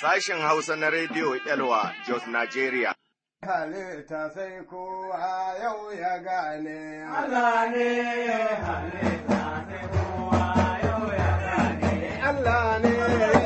Sashen Hausa na Rediyo Elwa Jos Nigeria. ta sai kowa yau ya gane. Allah ne sai kowa yau ya gane. Allah ne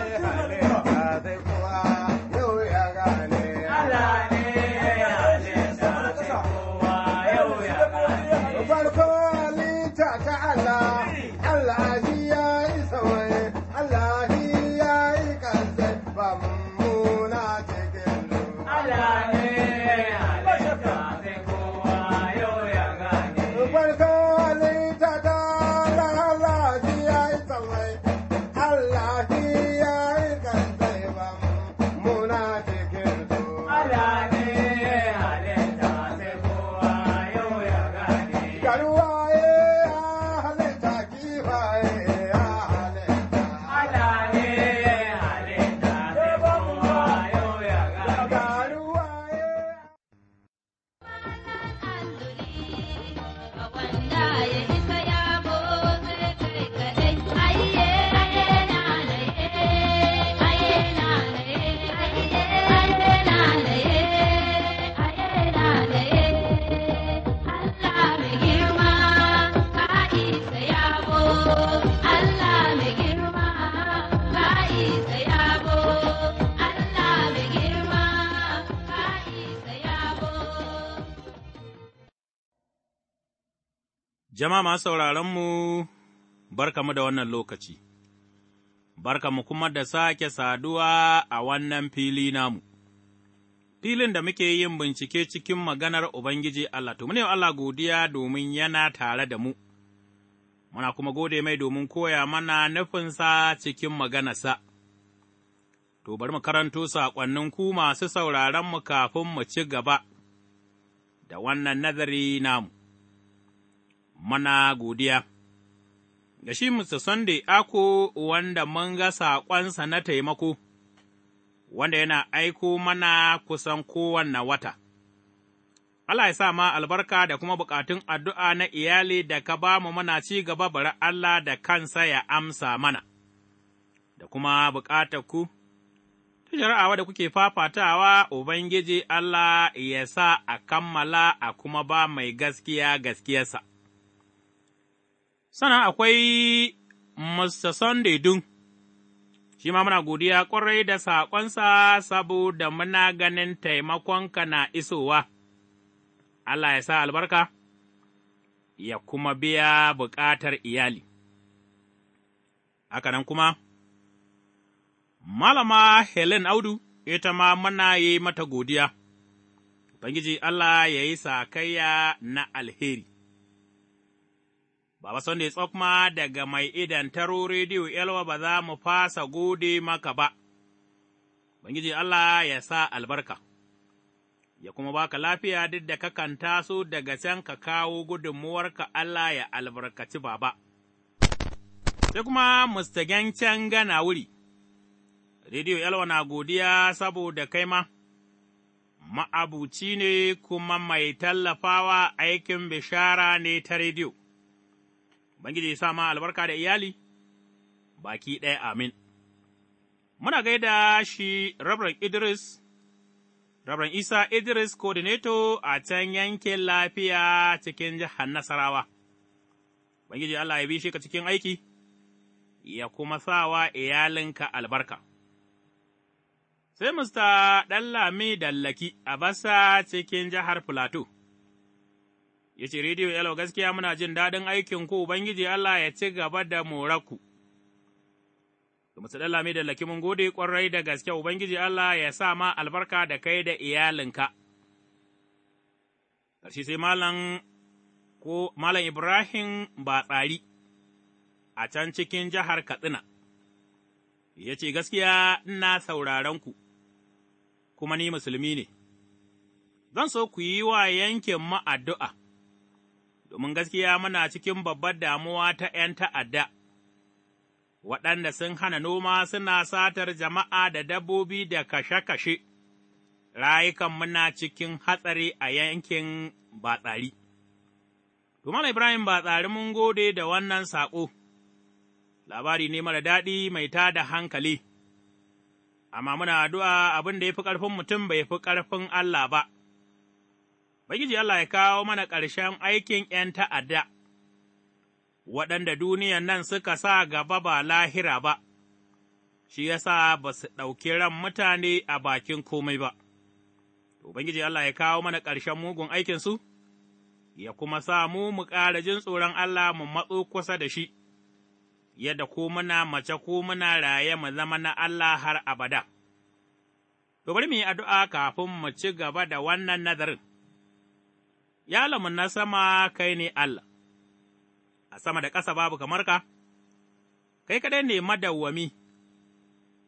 die. Jama'a masu sauraronmu, mu da wannan lokaci, barka mu kuma da sake saduwa a wannan fili namu, filin da muke yin bincike cikin maganar Ubangiji Allah, to, mune Allah godiya domin yana tare da mu, muna kuma gode mai domin koya mana nufinsa cikin maganarsa. To, bari mu karanto saƙonnin ku masu sauraronmu kafin mu ci gaba da wannan nazari namu. mana godiya. Da shi Mr. Sunday Ako wanda mun ga saƙonsa na taimako, wanda yana aiko mana kusan kowanne wata. Allah ya sa ma albarka da kuma bukatun addu'a na iyali da ka ba mu mana ci gaba bari Allah da kansa ya amsa mana, da kuma bukatar ku, ta shari'awa da kuke fafatawa Ubangiji Allah ya sa a kammala a kuma ba mai gaskiya gaskiyarsa. sana akwai Mr. Sunday Dun, shi ma muna godiya ƙwarai da saƙonsa saboda muna ganin taimakonka na isowa. Allah ya sa albarka, ya kuma biya buƙatar iyali. Haka kuma, Malama Helen Audu, ita ma muna yi mata godiya, Ubangiji Allah ya yi sakayya na alheri. Baba Sunday Tsof ma daga mai idan taro rediyo yalwa ba za mu fasa gode maka ba, Bangiji Allah ya sa albarka, ya kuma baka lafiya duk da kakan taso daga can ka kawo gudunmuwarka Allah ya albarkaci baba. Sai kuma mustagen can gana wuri, rediyo yalwa na godiya saboda kai ma. ma'abuci ne kuma mai tallafawa aikin bishara ne ta rediyo. bangiji ya sa ma albarka da iyali, baki ɗaya amin. Muna gaida shi Rabran Idris, Rabran Isa Idris Kodineto a can yankin lafiya cikin jihar Nasarawa. bangiji Allah ya shi ka cikin aiki, ya kuma sawa iyalinka albarka. Sai Mista Ɗallami Dallaki a basa cikin jihar plateau. ya ce, Rediyo Yalo gaskiya muna jin daɗin aikin ku, Ubangiji Allah ya ci gaba da moraku. Kuma su lami da laki mun gode ƙwarai da gaske, Ubangiji Allah ya sa ma albarka da kai da iyalinka. Ƙarshe sai Malam ko Malam Ibrahim ba tsari. a can cikin jihar Katsina, ya ce, Gaskiya ina sauraron ku, kuma ni musulmi ne, zan so ku yi wa yankin ma'addu'a. addu'a. domin gaskiya muna cikin babbar damuwa ta ’yan ta'adda, waɗanda sun hana noma suna satar jama'a da dabbobi da kashe-kashe, rayukan muna cikin hatsari a yankin batsari. Tumar Ibrahim ba tsari mun gode da wannan saƙo, labari ne mara daɗi mai tada hankali, amma muna addu'a abin da ya fi ƙarfin mutum bai fi ƙarfin Allah ba. Bagiji Allah ya kawo mana ƙarshen aikin ’yan ta'adda, waɗanda duniyan nan suka sa gaba ba lahira ba, shi ya sa ba su ɗauki ran mutane a bakin komai ba. Ubangiji Allah ya kawo mana ƙarshen mugun aikinsu, ya kuma sa mu mu ƙara jin tsoron Allah mu matso kusa da shi, yadda ko muna mace ko muna raye mu zama na Allah har abada. To bari mu yi addu'a kafin mu ci gaba da wannan nazarin. ya lamun na sama kai ne Allah, a sama da ƙasa babu kamar ka, kai kaɗai ne madawwami,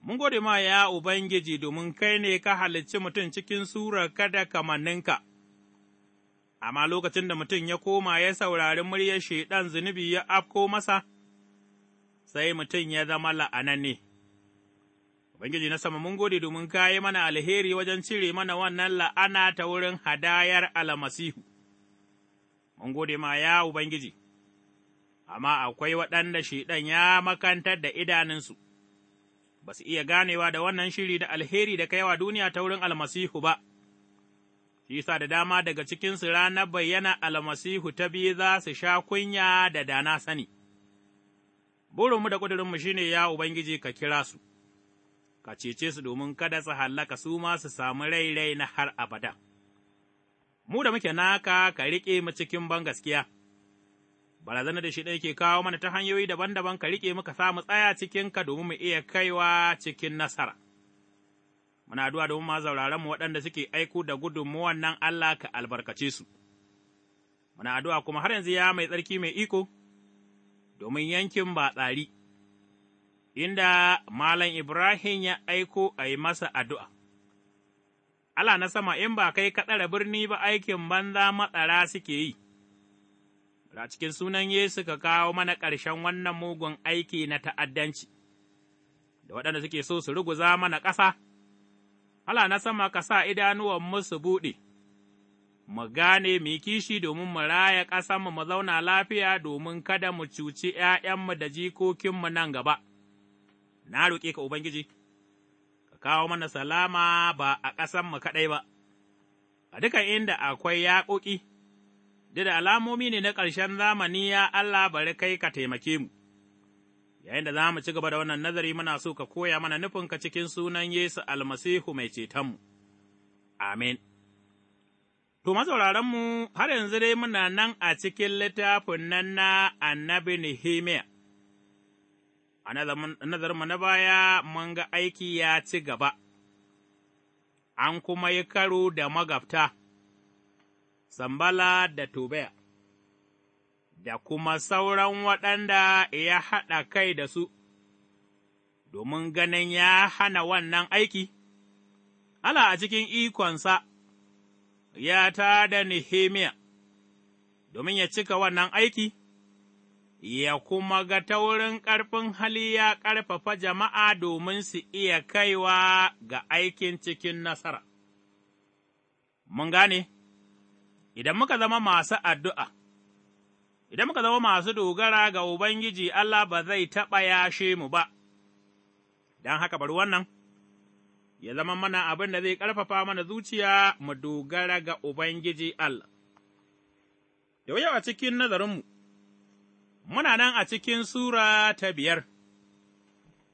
mun gode ma ya Ubangiji domin kai ne ka halicci mutum cikin sura kada kamanninka, amma lokacin da mutum ya koma ya saurari muryar shaiɗan zunubi ya afko masa, sai mutum ya zama la'ananne. Ubangiji na sama mun gode domin ka yi mana alheri wajen cire mana wannan la'ana ta wurin hadayar almasihu. mun gode ma ya Ubangiji, amma akwai waɗanda Shaiɗan ya makantar da idanunsu, ba su iya ganewa da wannan shiri da alheri da kaiwa duniya ta wurin almasihu ba, shi sa da dama daga cikinsu ranar bayyana almasihu ta biyu za su sha kunya da dana sani. Burinmu da ƙudurinmu shi ne, ya Ubangiji ka kira su, ka cece su domin kada su hallaka su ma su samu rai rai na har abada. mu da muke naka ka riƙe mu cikin ban gaskiya. Barazanar da shi ɗaya ke kawo mana ta hanyoyi daban-daban ka riƙe muka samu tsaya cikin ka domin mu iya kaiwa cikin nasara. Muna addu'a domin ma zauraren mu waɗanda suke aiko da gudunmuwan nan Allah ka albarkace su. Muna addu'a kuma har yanzu ya mai tsarki mai iko domin yankin ba tsari, inda Malam Ibrahim ya aiko a yi masa addu'a. Allah na sama in ba kai ka birni ba aikin banza matsara suke yi, a cikin sunan Yesu ka kawo mana ƙarshen wannan mugun aiki na ta'addanci, da waɗanda suke so su ruguza mana ƙasa, Allah na sama ka sa idanuwan musu buɗe, mu gane mu kishi domin mu raya ƙasanmu mu zauna lafiya domin kada mu cuci ’ya'yanmu da jikokinmu nan gaba. Na roƙe ka Ubangiji. kawo mana salama ba a ƙasanmu kaɗai ba, a dukan inda akwai yaƙoƙi, da alamomi ne na ƙarshen zamani ya Allah bari kai ka taimake mu. Yayin da za mu ci gaba da wannan nazari muna so ka koya mana nufinka cikin sunan Yesu almasihu mai cetonmu. Amin. To, mu har yanzu dai muna nan a cikin littafin nan na annabi Nehemiah. a nazarinmu na baya mun ga aiki ya ci gaba, an kuma yi karo da magabta, Sambala da Tobaya. da kuma sauran waɗanda ya haɗa kai da su, domin ganin ya hana wannan aiki, Allah a cikin ikonsa ya tā da Nehemiya, domin ya cika wannan aiki. ya kuma ga ta wurin ƙarfin hali ya ƙarfafa jama'a domin su iya kaiwa ga aikin cikin nasara. Mun gane, idan muka zama masu addu'a, idan muka zama masu dogara ga Ubangiji Allah ba zai taɓa yashe mu ba, don haka bari wannan, ya zama mana abin da zai ƙarfafa mana zuciya mu dogara ga Ubangiji Allah. Da a cikin nazarinmu. muna nan a cikin Sura ta biyar,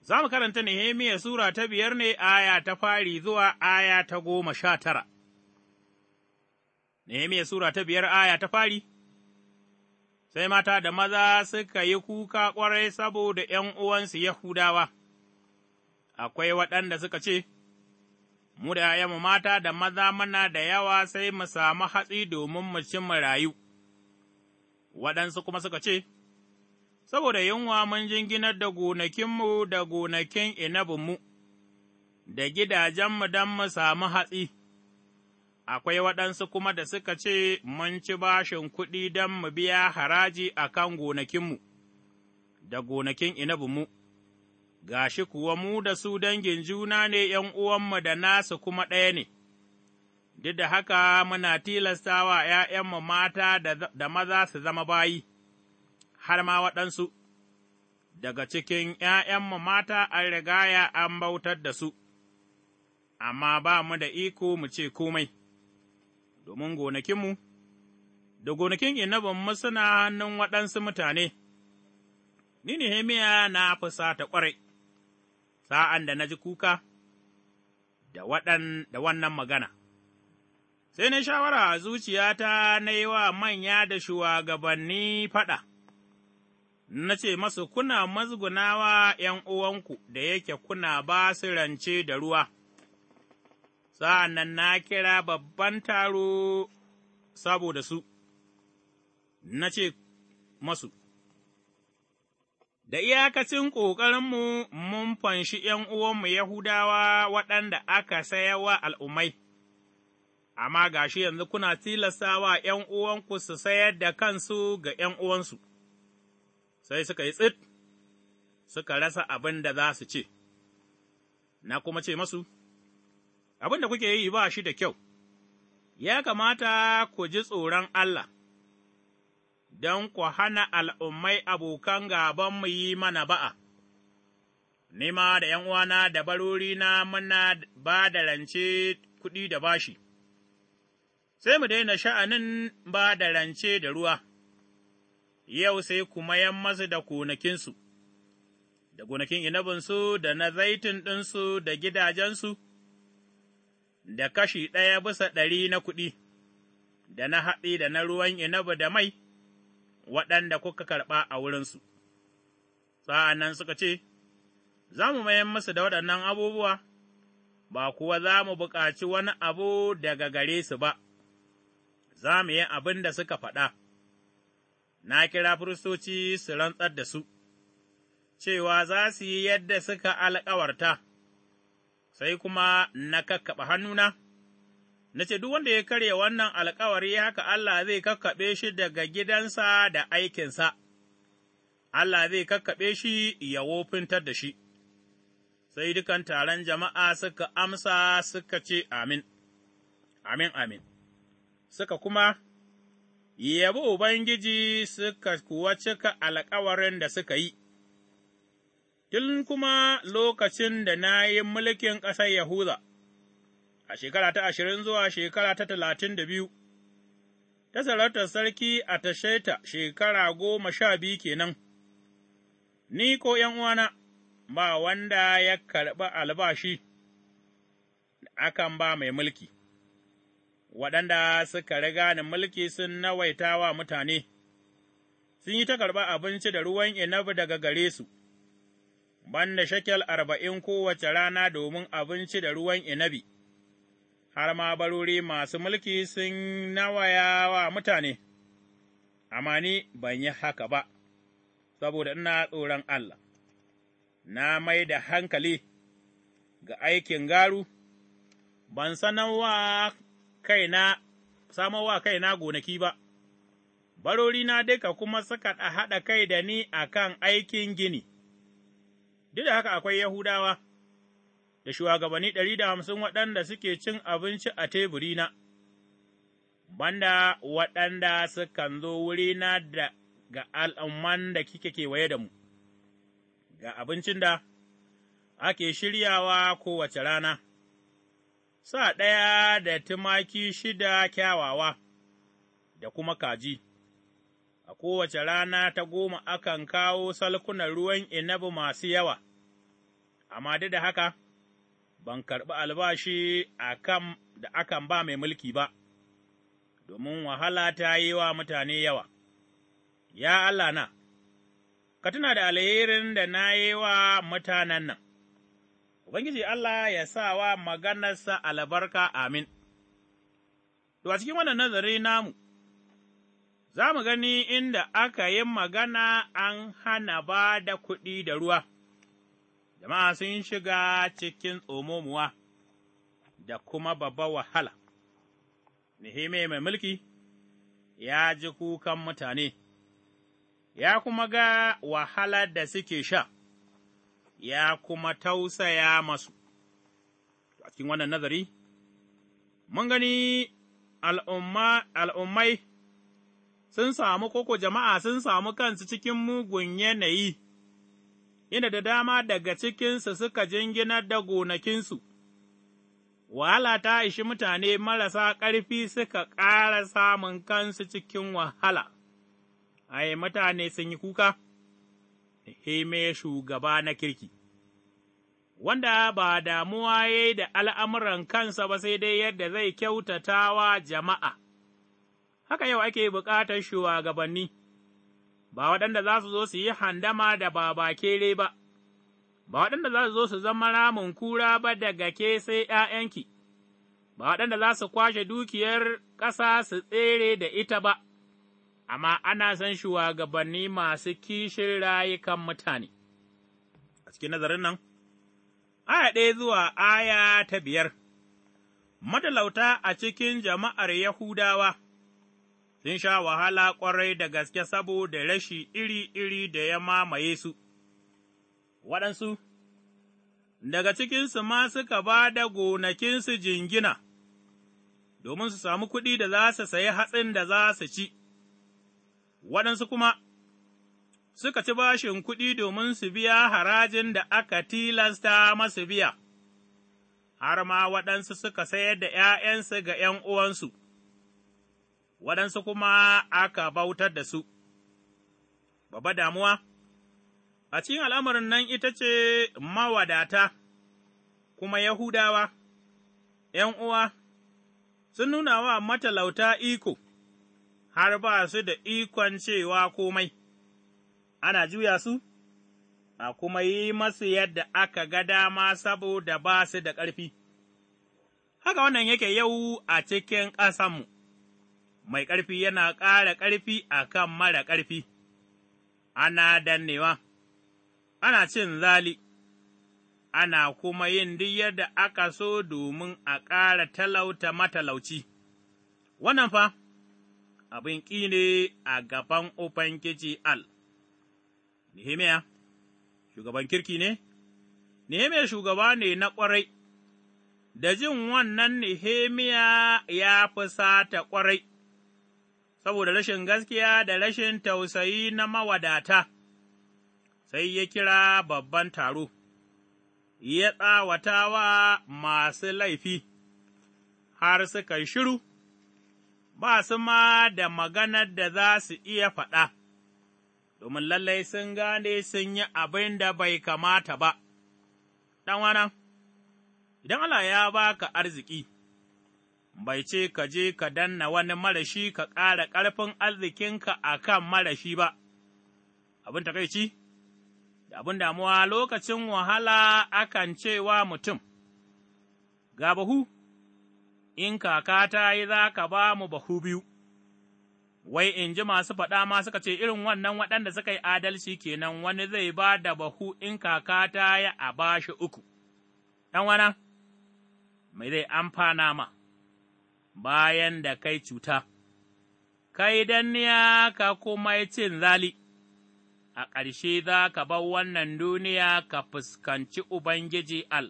za mu karanta Nehemiya Sura ta biyar ne aya ta fari zuwa aya ta goma sha tara. Nehemiya Sura ta biyar aya ta fari, sai mata da maza suka yi kuka ƙwarai saboda ’yan uwansu Yahudawa, akwai waɗanda suka ce, Mu da ’ya'yanmu mata da maza mana da yawa sai mu samu hatsi domin mu ci mu rayu, waɗansu kuma suka ce, saboda yunwa mun jinginar da gonakinmu da gonakin inabinmu, da gidajenmu don mu samu hatsi, akwai waɗansu kuma da suka ce mun ci bashin kuɗi don mu biya haraji a kan gonakinmu, da gonakin inabinmu, ga shi kuwa mu da su dangin juna ne ’yan uwanmu da nasu kuma ɗaya ne. Duk da haka muna tilastawa ’ya'yanmu mata da maza su zama bayi. har ma waɗansu, daga cikin ’ya'yanmu mata an rigaya an bautar da su, amma ba mu da iko mu ce komai, domin gonakinmu, da gonakin inabinmu suna hannun waɗansu mutane, ni Nehemiya na fusata ƙwarai, sa'an da na ji kuka da wannan magana. sai na shawara a zuciyata na yi wa manya da shugabanni faɗa, na ce masu kuna mazgunawa ’yan uwanku da yake kuna ba su rance da ruwa, sa'an nan na kira babban taro saboda su, na ce masu, Da iyakacin ƙoƙarinmu mun fanshi ’yan uwanmu Yahudawa waɗanda aka sayawa al'ummai, amma gashi yanzu kuna tilastawa ’yan uwanku su sayar da kansu ga ’yan uwansu. sai suka yi tsit, suka rasa abin da za su ce, na kuma ce masu, abin da kuke yi ba shi da kyau, ya kamata ku ji tsoron Allah, don ku hana al'ummai abokan gabanmu yi mana ba'a. nema da ’yan uwana da barorina muna ba da rance kuɗi da bashi, sai mu daina sha'anin ba da rance da ruwa. yau sai ku mayan masu da gonakinsu, da gonakin inabinsu, da na zaitun ɗinsu, da gidajensu, da kashi ɗaya bisa ɗari na kuɗi, da na haɗi, da na ruwan inabi da mai, waɗanda kuka karɓa a wurinsu. Sa'an nan suka ce, Za mu mayan musu da waɗannan abubuwa, ba kuwa za mu buƙaci wani abu daga gare su ba, za mu yi abin da suka faɗa. na kira firistoci su rantsar da su, cewa za su yi yadda suka alkawarta, sai kuma na kakkaɓa hannuna, na ce, Duk wanda ya karya wannan alkawari haka Allah zai kakkaɓe shi daga gidansa da aikinsa, Allah zai kakkaɓe shi ya wofintar da shi. Sai dukan taron jama'a suka amsa suka ce, Amin, amin, amin, suka kuma yabi Ubangiji suka kuwa cika alkawarin da suka yi, tun kuma lokacin da na yi mulkin ƙasar Yahuza, a shekara ta ashirin zuwa shekara ta talatin da biyu, ta sarautar sarki a tasheta shekara goma sha biyu kenan, ni ko uwana ba wanda ya karɓi albashi, akan ba mai mulki. waɗanda suka riga ni mulki sun nawaita wa mutane, sun yi ta karɓa abinci da ruwan inabi daga gare su, banda shekel arba'in kowace rana domin abinci da ruwan inabi, har ma barori masu mulki sun nawaya wa mutane, amma ni ban yi haka ba, saboda ina tsoron Allah, na mai da hankali. ga aikin garu, ban sanarwa kaina, samo wa kaina gonaki ba, barorina duka kuma suka haɗa kai da ni a kan aikin gini, duk da haka akwai Yahudawa, da shugabanni ɗari da hamsin waɗanda suke cin abinci a teburina, banda waɗanda sukan zo wurina da ga al'umman da kike kewaye da mu, ga abincin da ake shiryawa kowace rana. sa ɗaya da tumaki shida kyawawa, da kuma kaji. A kowace rana ta goma akan kawo salkunan ruwan inabu masu yawa, amma duk da haka, ban karɓi albashi a kan da akan ba mai mulki ba, domin wahala ta yi wa mutane yawa. Ya Allah na, ka tuna da alherin da na yi wa mutanen nan. Ubangiji Allah ya sa wa maganarsa albarka amin. To, a cikin wannan nazari namu, za mu gani inda aka yi magana an hana ba da kuɗi da ruwa, jama'a sun shiga cikin tsomomuwa da kuma babba wahala. Nihime mai mulki ya ji kukan mutane, ya kuma ga wahala da suke sha. ya kuma tausaya masu. A cikin wannan nazari, mun gani al'ummai sun samu koko jama'a sun samu kansu cikin mugun yanayi, inda da dama daga cikinsu suka jingina da gonakinsu, wahala ta ishi mutane marasa ƙarfi suka ƙara samun kansu cikin wahala, ai, mutane sun yi kuka. Nehemiya shugaba na kirki, wanda ba damuwa ya yi da al'amuran kansa ba sai dai yadda zai kyautatawa jama'a, haka yau ake bukatar shugabanni, ba waɗanda za su zo su yi handama da babakere ba, ba waɗanda za su zo su zama ramun kura ba daga ke sai ’ya'yanki, ba waɗanda za su kwashe dukiyar ƙasa su tsere da ita ba. amma ana san shugabanni masu kishin rayukan mutane. A cikin nazarin nan, aya ɗaya zuwa aya ta biyar, matalauta a cikin jama'ar Yahudawa sun sha wahala ƙwarai da gaske saboda rashi iri-iri da ya mamaye su, waɗansu daga cikinsu ma suka ba da gonakinsu jingina. domin su samu kuɗi da za su sayi hatsin da za su ci, waɗansu kuma suka ci bashin kuɗi domin su biya harajin da aka tilasta masu biya, har ma waɗansu suka sayar da ’ya'yansu ga ’yan uwansu, waɗansu kuma aka bautar da su. Babba damuwa, a cikin al'amarin nan ita ce mawadata, kuma Yahudawa, ’yan uwa, sun nuna wa matalauta iko. har ba su da ikon cewa komai, ana juya su, a kuma yi masu yadda aka ga dama saboda ba su da ƙarfi. Haka wannan yake yau a cikin ƙasanmu, mai ƙarfi yana ƙara ƙarfi a kan mara ƙarfi, ana dannewa, ana cin zali. ana kuma yin duk yadda aka so domin a ƙara talauta matalauci, wannan fa, abin ƙi ne a gaban Ubangiji Al. Nehemiya, shugaban kirki ne? Nehemiya shugaba ne na ƙwarai, da jin wannan Nehemiya ya sata ƙwarai, saboda rashin gaskiya da rashin tausayi na mawadata, sai ya kira babban taro, ya tsawata wa masu laifi, har suka shiru. ba su ma da maganar da za su iya faɗa, domin lallai sun gane sun yi abin da bai kamata ba. ɗanwana, idan Allah ya baka arziki, bai ce ka je ka danna wani marashi ka ƙara ƙarfin arzikinka a kan marashi ba, abin takaici, da abin damuwa lokacin wahala akan cewa mutum, ga bahu, in kaka ta yi za ka ba mu bahu biyu, wai in ji masu faɗa ma suka ce irin wannan waɗanda suka yi adalci kenan wani zai ba da bahu in kaka ta yi a ba shi uku, ɗan wana, mai zai amfana ma, bayan da kai cuta, kai danniya ka kuma cin zali. a ƙarshe za ka bar wannan duniya ka fuskanci Ubangiji Al,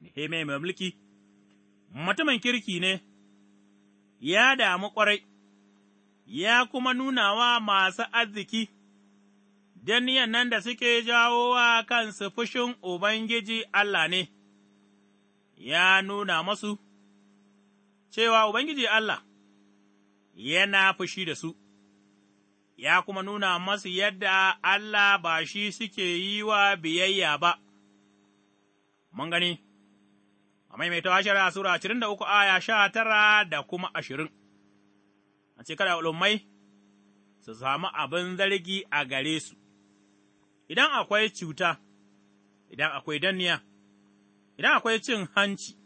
Nehemiya mai mulki mutumin kirki ne, ya damu ƙwarai, ya kuma nuna wa masu arziki, Daniyan nan da suke jawo wa kansu fushin Ubangiji Allah ne, ya nuna masu cewa Ubangiji Allah yana fushi da su. ya kuma nuna masu yadda Allah ba shi suke yi wa biyayya ba, mun gani, a maimaitawa shari'a Sura ashirin da uku aya sha tara da kuma ashirin, a ce kada ulumai su samu abin zargi a gare su, idan akwai cuta, idan akwai danniya, idan akwai cin hanci,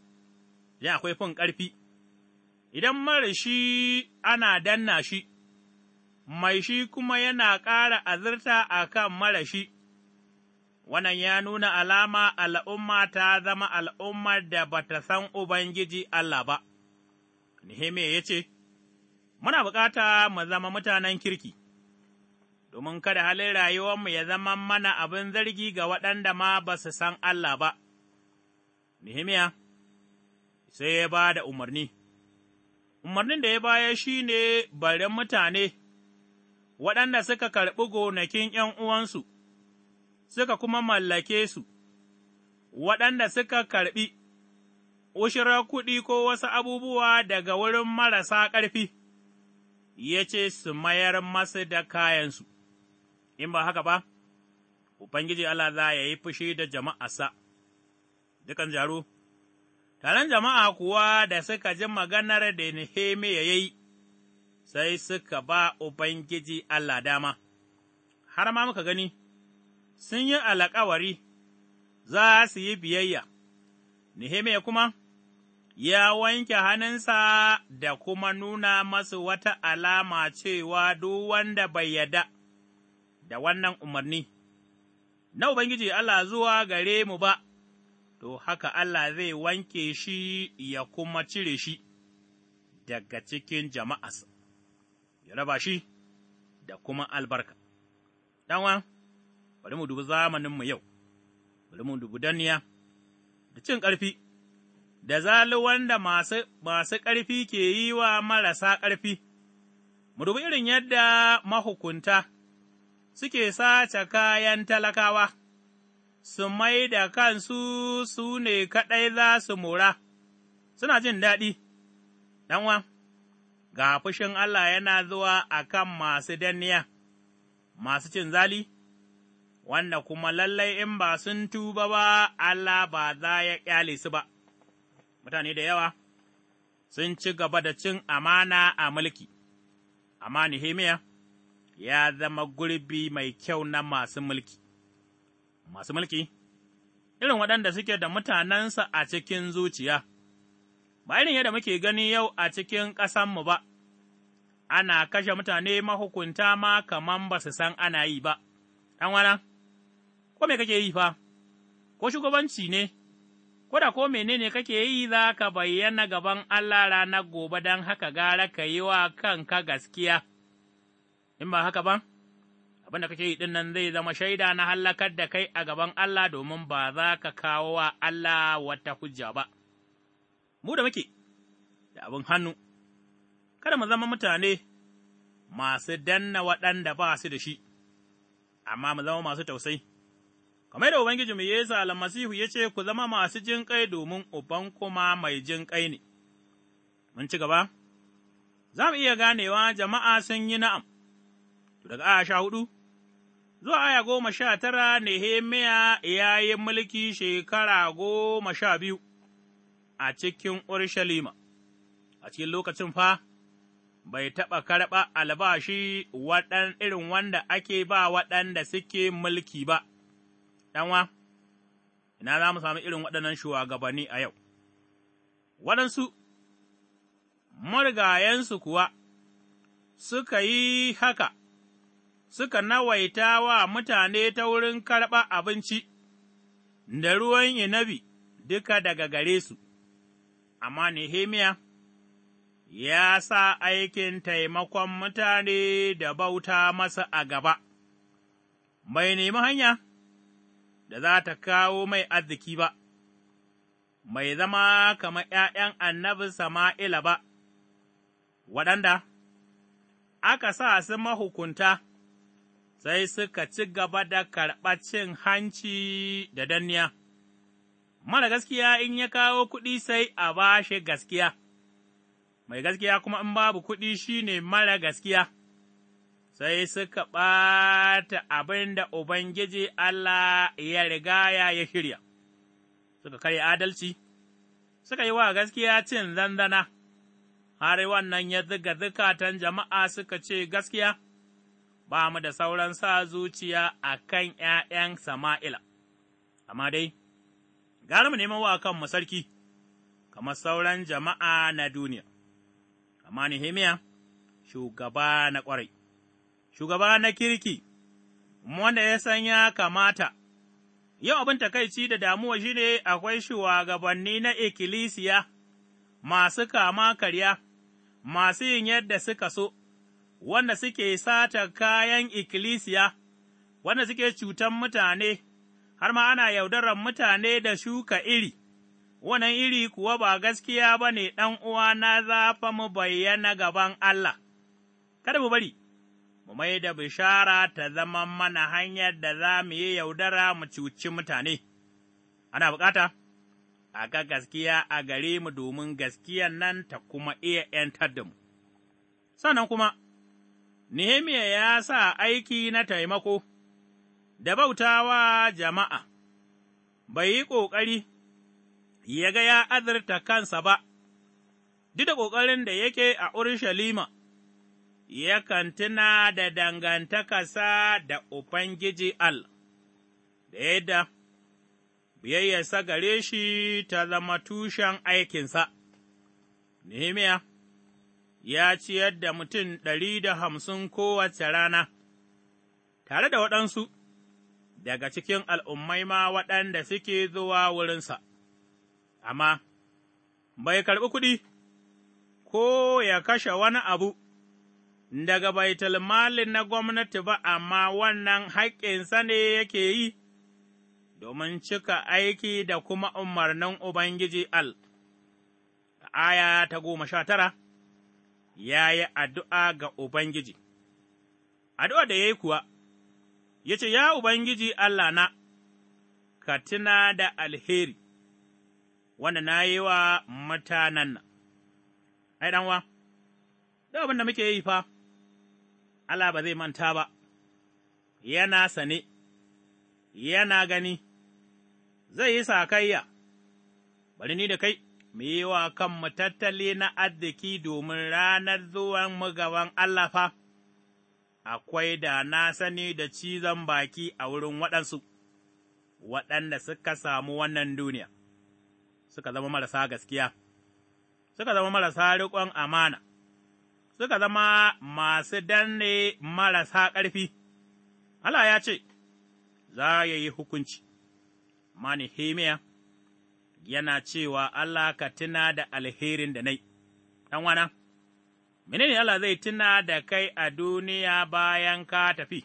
idan akwai fin ƙarfi, idan mara shi ana danna shi, mai shi kuma yana ƙara azurta a kan mara shi. wannan ya nuna alama al'umma ta zama al'ummar da ba ta san Ubangiji Allah ba. Nihime ya ce, Muna bukata mu zama mutanen kirki, domin kada halin rayuwarmu ya zama mana abin zargi ga waɗanda ma ba su san Allah ba. Nihimiya, sai ya ba da umarni, umarnin da ya baya shi ne barin mutane waɗanda suka karɓi gonakin ’yan uwansu. suka kuma mallake su, waɗanda suka karɓi ushirar kuɗi ko wasu abubuwa daga wurin marasa ƙarfi, ya ce su mayar masu da kayansu, in ba haka ba, Ubangiji Allah za ya yi fushi da jama'arsa, dukan jaro, taron jama'a kuwa da suka ji maganar da Nehemiya ya yi, sai suka ba Ubangiji Allah dama, har ma muka gani. sun yi alkawari za su yi biyayya, Nehemiya kuma ya wanke hannunsa da kuma nuna masu wata alama cewa duk wanda bai yada da wannan umarni, na Ubangiji Allah zuwa gare mu ba, to haka Allah zai wanke shi ya kuma cire shi daga cikin jama'as, ya raba shi da kuma albarka. Ɗanwa. bari mu dubi zamaninmu yau, bari mu dubi danniya, da cin ƙarfi, da zali wanda masu, ƙarfi ke yi wa marasa ƙarfi, mu dubi irin yadda mahukunta suke sace kayan talakawa, su mai da kansu su ne kaɗai za su mora, suna jin daɗi, ɗanwa, ga fushin Allah yana zuwa a kan masu danniya, masu cin zali. wanda kuma lallai in ba sun tuba ba, Allah ba za ya ƙyale su ba. Mutane da yawa sun ci gaba da cin amana a mulki, amma Nehemiya ya zama gurbi mai kyau na masu mulki. Masu mulki, irin waɗanda suke da mutanensa a cikin zuciya, ba irin yadda muke gani yau a cikin ƙasanmu ba. ana kashe mutane mahukunta ma kamar ba su san ana yi ba, ɗan wanan. ko me kake yi fa, ko shugabanci ne, ko da ko menene kake yi za ka bayyana gaban Allah ranar gobe don haka gara ka yi wa kanka gaskiya, in ba haka ba, abin da kake yi ɗin nan zai zama shaida na hallakar da kai a gaban Allah domin ba za ka kawo wa Allah wata hujja ba. Mu da muke da abin hannu, kada mu zama mutane masu danna waɗanda ba su da shi, amma mu zama masu tausayi. kamar da mu Yesu almasihu ya ce ku zama masu jin ƙai domin Uban kuma mai jin ƙai ne. Mun ci gaba, za mu iya ganewa jama'a sun yi na'am, daga aya sha hudu, zuwa aya goma sha tara Nehemiya ya yi mulki shekara goma sha biyu a cikin Urshalima, a cikin lokacin fa. bai taɓa karɓa albashi waɗan irin wanda ake ba waɗanda suke mulki ba. ɗanwa, ina za mu sami irin waɗannan shugabanni a yau, waɗansu marigayensu kuwa suka yi haka, suka nawaita wa mutane ta wurin karɓa abinci da ruwan inabi duka daga gare su, amma Nehemiya ya sa aikin taimakon mutane da bauta masa a gaba, bai nemi hanya da za ta kawo mai arziki ba, mai zama kamar ’ya'yan annabi Sama'ila ba, waɗanda aka sa su mahukunta, sai suka ci gaba da karɓar cin hanci da danniya. Mara gaskiya in ya kawo kuɗi sai a ba shi gaskiya, mai gaskiya kuma in babu kuɗi shi ne mara gaskiya. sai suka ɓata abin da Ubangiji Allah ya rigaya ya shirya, suka karya adalci, suka yi wa gaskiya cin zanzana, har wannan ya zuga zukatan jama'a suka ce gaskiya, ba mu da sauran sa zuciya a kan ’ya'yan Sama'ila, amma dai, gara mu neman wa kanmu sarki, kamar sauran jama'a na duniya, amma Nehemiya shugaba na ƙwarai. shugaba na kirki, wanda ya san ya kamata. Yau abin takaici da damuwa shi ne akwai shugabanni na ikkilisiya masu kama karya, masu yin yadda suka so, wanda suke sata kayan ikkilisiya, wanda suke cutan mutane, har ma ana yaudarar mutane da shuka iri, wannan iri kuwa ba gaskiya ba ne uwa na zafa mu bayyana gaban Allah. Kada mu bari. mu mai da bishara ta zama mana hanyar da za mu yi yaudara mu cuci mutane, ana bukata? A ga gaskiya a gare mu domin gaskiyan nan ta kuma iya ’yantar da mu. Sannan kuma, Nehemiya ya sa aiki na taimako da bautawa jama'a, bai yi ƙoƙari ya ga ya azurta kansa ba, duk da ƙoƙarin da yake a Urushalima. yakan tuna da dangantakasa da Ubangiji Allah, da yadda biyayyarsa gare shi ta zama tushen aikinsa. Nehemiya ya ciyar da mutum ɗari da hamsin kowace rana, tare da waɗansu daga cikin al'ummai ma waɗanda suke zuwa wurinsa, amma bai karɓi kuɗi ko ya kashe wani abu. daga mali na gwamnati ba, amma wannan haƙƙinsa ne yake yi, domin cika aiki da kuma umarnin Ubangiji Al. Aya ta goma sha tara, ya yi addu'a ga Ubangiji, addu'a da ya yi kuwa, ya ce, Ya Ubangiji Allah na, ka tuna da alheri, wanda na yi wa mutanen nan, ai, ɗanwa, da abin da muke yi fa. Allah ba zai manta ba, yana sane, yana gani, zai yi sakayya, bari ni da kai, mu yi wa kanmu tattali na arziki domin ranar zuwan gaban Allah fa, akwai da na sani da cizon baki a wurin waɗansu, waɗanda suka samu wannan duniya, suka zama marasa gaskiya, suka zama marasa riƙon amana. suka zama masu danne marasa ƙarfi, Allah ya ce, Za ya yi hukunci, mani Nehemiya yana cewa Allah ka tuna da alherin da nai, ɗanwana, menene Allah zai tuna da kai a duniya bayan ka tafi,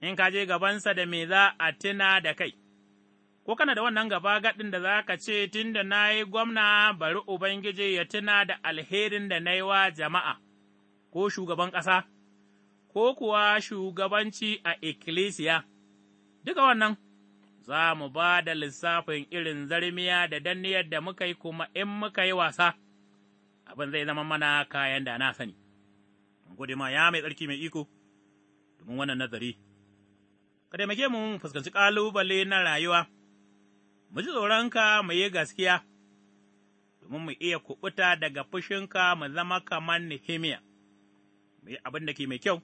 in ka je gabansa da me za a tuna da kai. ko kana da wannan gaba gaɗin da za ka ce, Tun da na yi gwamna, bari Ubangiji ya tuna da alherin da na yi wa jama'a, ko shugaban ƙasa, ko kuwa shugabanci a ikkilisiya, duka wannan za mu ba da lissafin irin zarmiya da danniyar da muka yi kuma in muka yi wasa, abin zai zama mana kayan da na sani. Gode ma ya mai tsarki mai iko, domin wannan nazari. Ka taimake mu fuskanci ƙalubale na rayuwa, mu ji tsoronka mu yi gaskiya, domin mu iya kuɓuta daga fushinka mu zama kamar nihimiya. yi abin da ke mai kyau,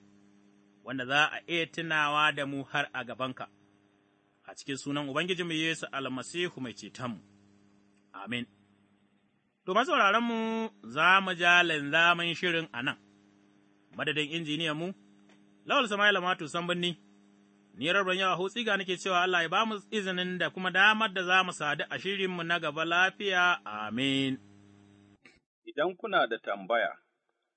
wanda za a iya tunawa da mu har a gabanka, a cikin sunan Ubangijinmu Yesu almasihu mai cetonmu. Amin. To, mu za mu ja linzamin shirin a nan, madadin injiniyan mu, Lawal Sama'ila Matu birni ni rabin yawa hutsi ga nake cewa Allah ya ba mu izinin da kuma damar da za mu sadu a shirinmu na gaba lafiya, amin. Idan kuna da tambaya,